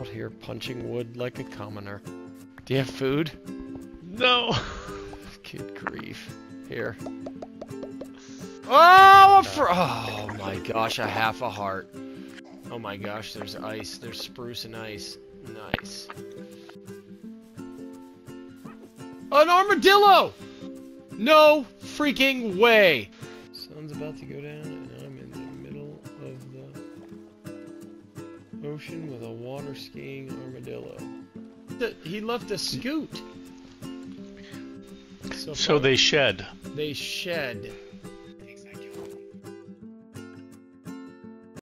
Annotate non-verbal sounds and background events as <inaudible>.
Out here punching wood like a commoner. Do you have food? No! Kid <laughs> grief. Here. Oh, uh, oh my gosh, a half a heart. Oh my gosh, there's ice. There's spruce and ice. Nice. An armadillo! No freaking way! Sun's about to go down and I'm in there. ocean with a water skiing armadillo. he left a scoot. So, so they shed. They shed.